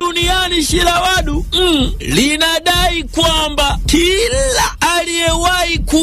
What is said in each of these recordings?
duniani Shirawadu mm, linadai kwa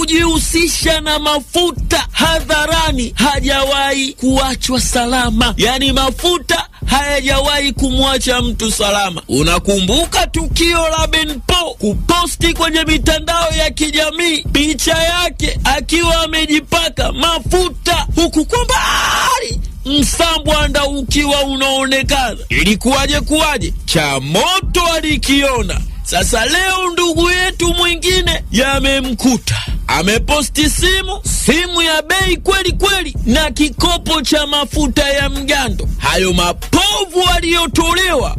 kujihusisha na mafuta hadharani hajawahi kuachwa salama, yaani mafuta hayajawahi kumwacha mtu salama. Unakumbuka tukio la Benpo kuposti kwenye mitandao ya kijamii picha yake akiwa amejipaka mafuta huku kwa mbali msambwanda ukiwa unaonekana. Ilikuwaje kuwaje? Cha moto alikiona. Sasa leo ndugu yetu mwingine yamemkuta ameposti simu simu ya bei kweli kweli na kikopo cha mafuta ya mgando. Hayo mapovu aliyotolewa,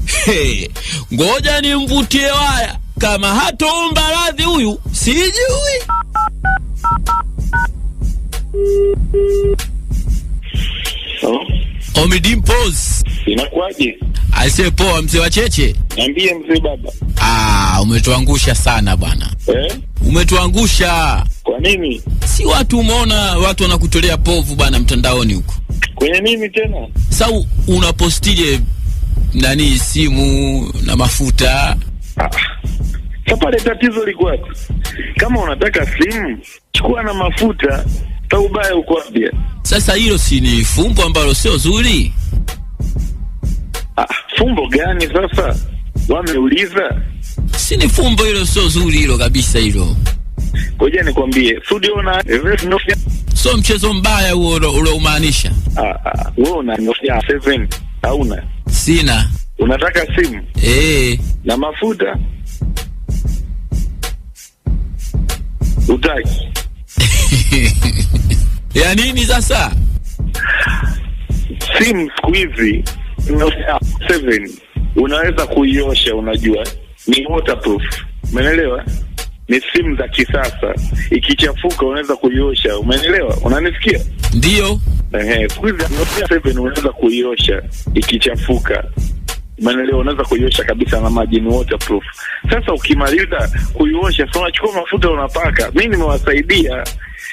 ngoja ngoja nimvutie waya. Kama hatoomba radhi huyu, sijui oh. Omidimpos, inakuwaje? Aisee, poa mzee wa cheche. Niambie mzee baba. Ah, umetuangusha sana bwana eh? Umetuangusha kwa nini? Si watu umeona watu wanakutolea povu bana mtandaoni huko. Kwenye nini tena? sa unapostije nani simu na mafuta? Ah. Sasa pale tatizo liko wapi? Kama unataka simu, chukua na mafuta, sababu ubaya uko wapi? Sasa hilo si ni fumbo ambalo sio zuri? Ah, fumbo gani sasa? Wameuliza. Si ni fumbo hilo, sio zuri hilo kabisa hilo. Ngoja nikwambie, studio na eh, so mchezo mbaya huo umaanisha? Ah, ah, wewe una Nokia 7 hauna? Sina. Unataka simu? Eh. Na mafuta? Utaki. Ya nini sasa? Simu siku hizi Nokia 7 unaweza kuiosha, unajua ni waterproof. Umeelewa? ni simu za kisasa, ikichafuka unaweza kuiosha. Umenielewa? Unanisikia? Ndio. Ehe, siku hizi unaweza kuiosha ikichafuka Manelewa, unaweza kuiosha kabisa na maji, ni waterproof. Sasa ukimaliza kuiosha, sasa unachukua mafuta unapaka. Mimi nimewasaidia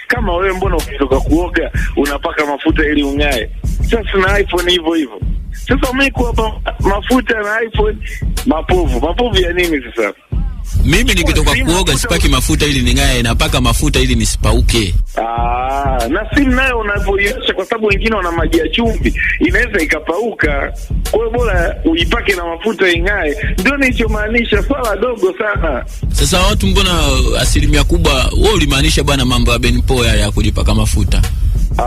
kama wewe, mbona ukitoka kuoga unapaka mafuta ili ung'ae? Sasa na iPhone hivyo hivyo. Sasa mimi umekuwa mafuta na iPhone mapovu, mapovu ya nini sasa? Mimi nikitoka kuoga sipaki mafuta ili ning'ae, napaka mafuta ili nisipauke. Aa, ah, na simu nayo unavyoiacha, kwa sababu wengine wana maji ya chumvi, inaweza ikapauka. Kwa hiyo bora uipake na mafuta ing'ae, ndio nilichomaanisha, swala dogo sana. Sasa watu, mbona asilimia kubwa wao ulimaanisha bwana, mambo ya Benpoa ya kujipaka mafuta Ah,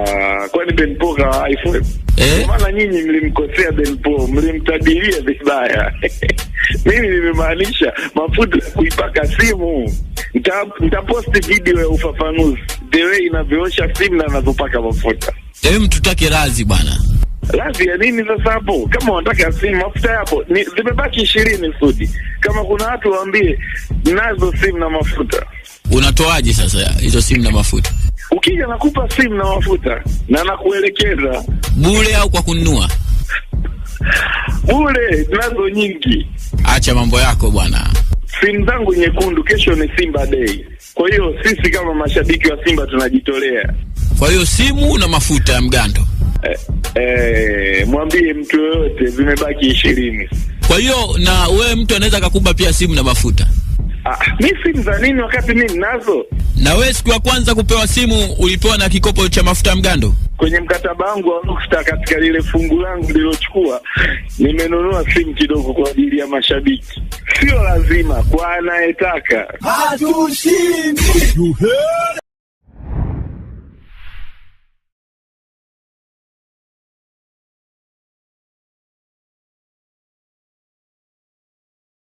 ah, kwani Benpoka haifue eh? Maana nyinyi mlimkosea Benpo, mlimtadiria vibaya mimi nimemaanisha mafuta ya kuipaka simu. Nitaposti video ya ufafanuzi the way inavyoosha simu na anavyopaka mafuta. razi bwana ya nini sasa hapo? Kama simu mafuta yapo, zimebaki Sudi. Kama kuna watu waambie nazo simu na mafuta. Unatoaje sasa hizo simu na mafuta? Ukija nakupa simu na mafuta na nakuelekeza bure, au kwa kununua bure, nazo nyingi. Acha mambo yako bwana. Simu zangu nyekundu, kesho ni Simba Day. Kwa hiyo sisi kama mashabiki wa Simba tunajitolea. Kwa hiyo simu na mafuta ya mgando eh, eh, mwambie mtu yoyote, zimebaki ishirini. Kwa hiyo na wewe mtu anaweza akakupa pia simu na mafuta. Ah, mi simu za nini wakati mimi ninazo? Na wewe siku ya kwanza kupewa simu ulipewa na kikopo cha mafuta mgando? Kwenye mkataba wangu wa Nukta, katika lile fungu langu nilochukua, nimenunua simu kidogo kwa ajili ya mashabiki. Sio lazima kwa anayetaka, hatushindi